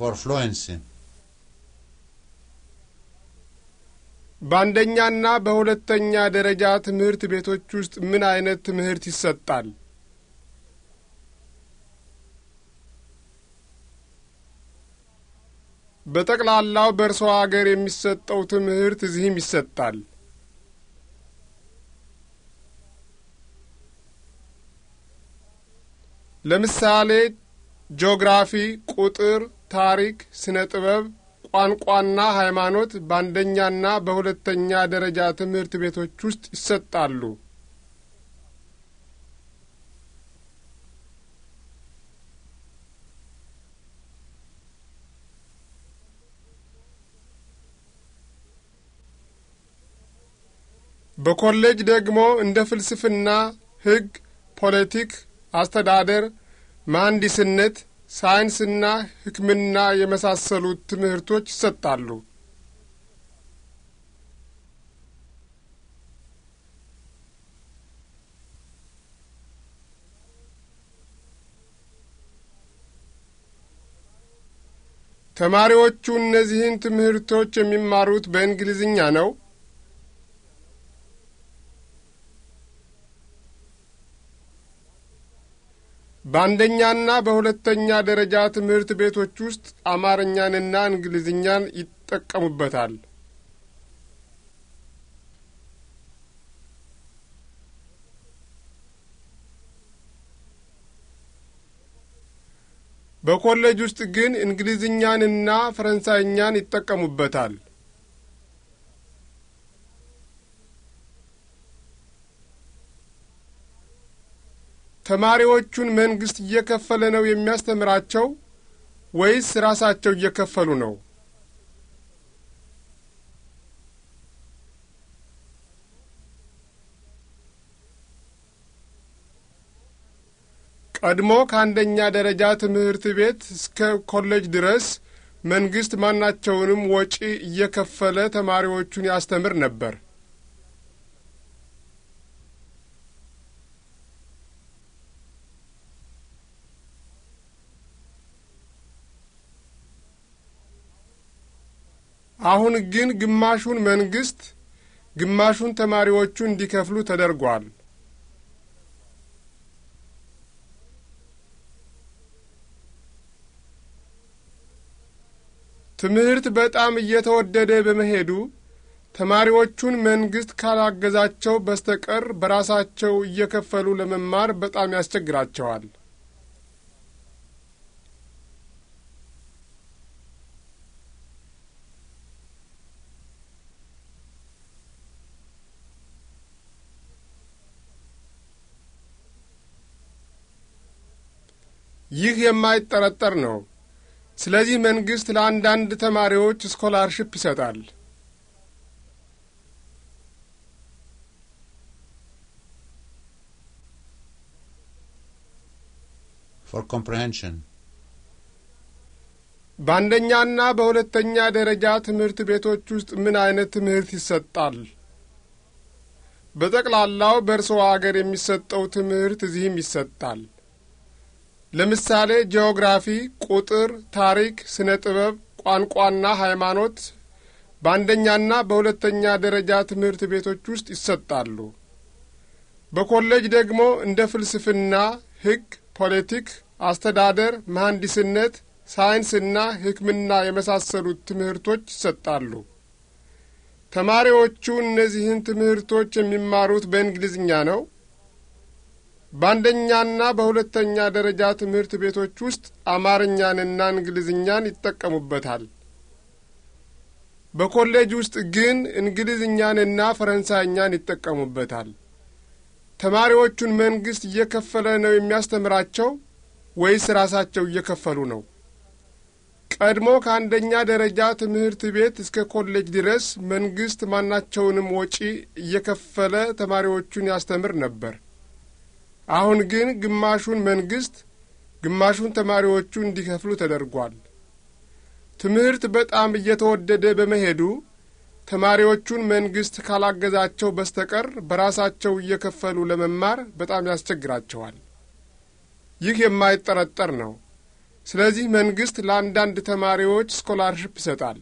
ፎርፍሎንስ በአንደኛና በሁለተኛ ደረጃ ትምህርት ቤቶች ውስጥ ምን አይነት ትምህርት ይሰጣል? በጠቅላላው በእርሶ አገር የሚሰጠው ትምህርት እዚህም ይሰጣል። ለምሳሌ ጂኦግራፊ፣ ቁጥር ታሪክ፣ ስነ ጥበብ፣ ቋንቋና ሃይማኖት በአንደኛና በሁለተኛ ደረጃ ትምህርት ቤቶች ውስጥ ይሰጣሉ። በኮሌጅ ደግሞ እንደ ፍልስፍና፣ ሕግ፣ ፖለቲክ፣ አስተዳደር፣ መሐንዲስነት ሳይንስና ሕክምና የመሳሰሉት ትምህርቶች ይሰጣሉ። ተማሪዎቹ እነዚህን ትምህርቶች የሚማሩት በእንግሊዝኛ ነው። በአንደኛና በሁለተኛ ደረጃ ትምህርት ቤቶች ውስጥ አማርኛንና እንግሊዝኛን ይጠቀሙበታል። በኮሌጅ ውስጥ ግን እንግሊዝኛንና ፈረንሳይኛን ይጠቀሙበታል። ተማሪዎቹን መንግሥት እየከፈለ ነው የሚያስተምራቸው ወይስ ራሳቸው እየከፈሉ ነው? ቀድሞ ከአንደኛ ደረጃ ትምህርት ቤት እስከ ኮሌጅ ድረስ መንግሥት ማናቸውንም ወጪ እየከፈለ ተማሪዎቹን ያስተምር ነበር። አሁን ግን ግማሹን መንግሥት ግማሹን ተማሪዎቹ እንዲከፍሉ ተደርጓል። ትምህርት በጣም እየተወደደ በመሄዱ ተማሪዎቹን መንግሥት ካላገዛቸው በስተቀር በራሳቸው እየከፈሉ ለመማር በጣም ያስቸግራቸዋል። ይህ የማይጠረጠር ነው። ስለዚህ መንግሥት ለአንዳንድ ተማሪዎች ስኮላርሽፕ ይሰጣል። for comprehension በአንደኛና በሁለተኛ ደረጃ ትምህርት ቤቶች ውስጥ ምን አይነት ትምህርት ይሰጣል? በጠቅላላው በእርስዎ አገር የሚሰጠው ትምህርት እዚህም ይሰጣል። ለምሳሌ ጂኦግራፊ፣ ቁጥር፣ ታሪክ፣ ስነ ጥበብ፣ ቋንቋና ሃይማኖት በአንደኛና በሁለተኛ ደረጃ ትምህርት ቤቶች ውስጥ ይሰጣሉ። በኮሌጅ ደግሞ እንደ ፍልስፍና፣ ሕግ፣ ፖለቲክ፣ አስተዳደር፣ መሐንዲስነት፣ ሳይንስና ሕክምና የመሳሰሉት ትምህርቶች ይሰጣሉ። ተማሪዎቹ እነዚህን ትምህርቶች የሚማሩት በእንግሊዝኛ ነው። በአንደኛና በሁለተኛ ደረጃ ትምህርት ቤቶች ውስጥ አማርኛንና እንግሊዝኛን ይጠቀሙበታል። በኮሌጅ ውስጥ ግን እንግሊዝኛንና ፈረንሳይኛን ይጠቀሙበታል። ተማሪዎቹን መንግሥት እየከፈለ ነው የሚያስተምራቸው ወይስ ራሳቸው እየከፈሉ ነው? ቀድሞ ከአንደኛ ደረጃ ትምህርት ቤት እስከ ኮሌጅ ድረስ መንግሥት ማናቸውንም ወጪ እየከፈለ ተማሪዎቹን ያስተምር ነበር። አሁን ግን ግማሹን መንግሥት ግማሹን ተማሪዎቹ እንዲከፍሉ ተደርጓል። ትምህርት በጣም እየተወደደ በመሄዱ ተማሪዎቹን መንግሥት ካላገዛቸው በስተቀር በራሳቸው እየከፈሉ ለመማር በጣም ያስቸግራቸዋል። ይህ የማይጠረጠር ነው። ስለዚህ መንግሥት ለአንዳንድ ተማሪዎች ስኮላርሽፕ ይሰጣል።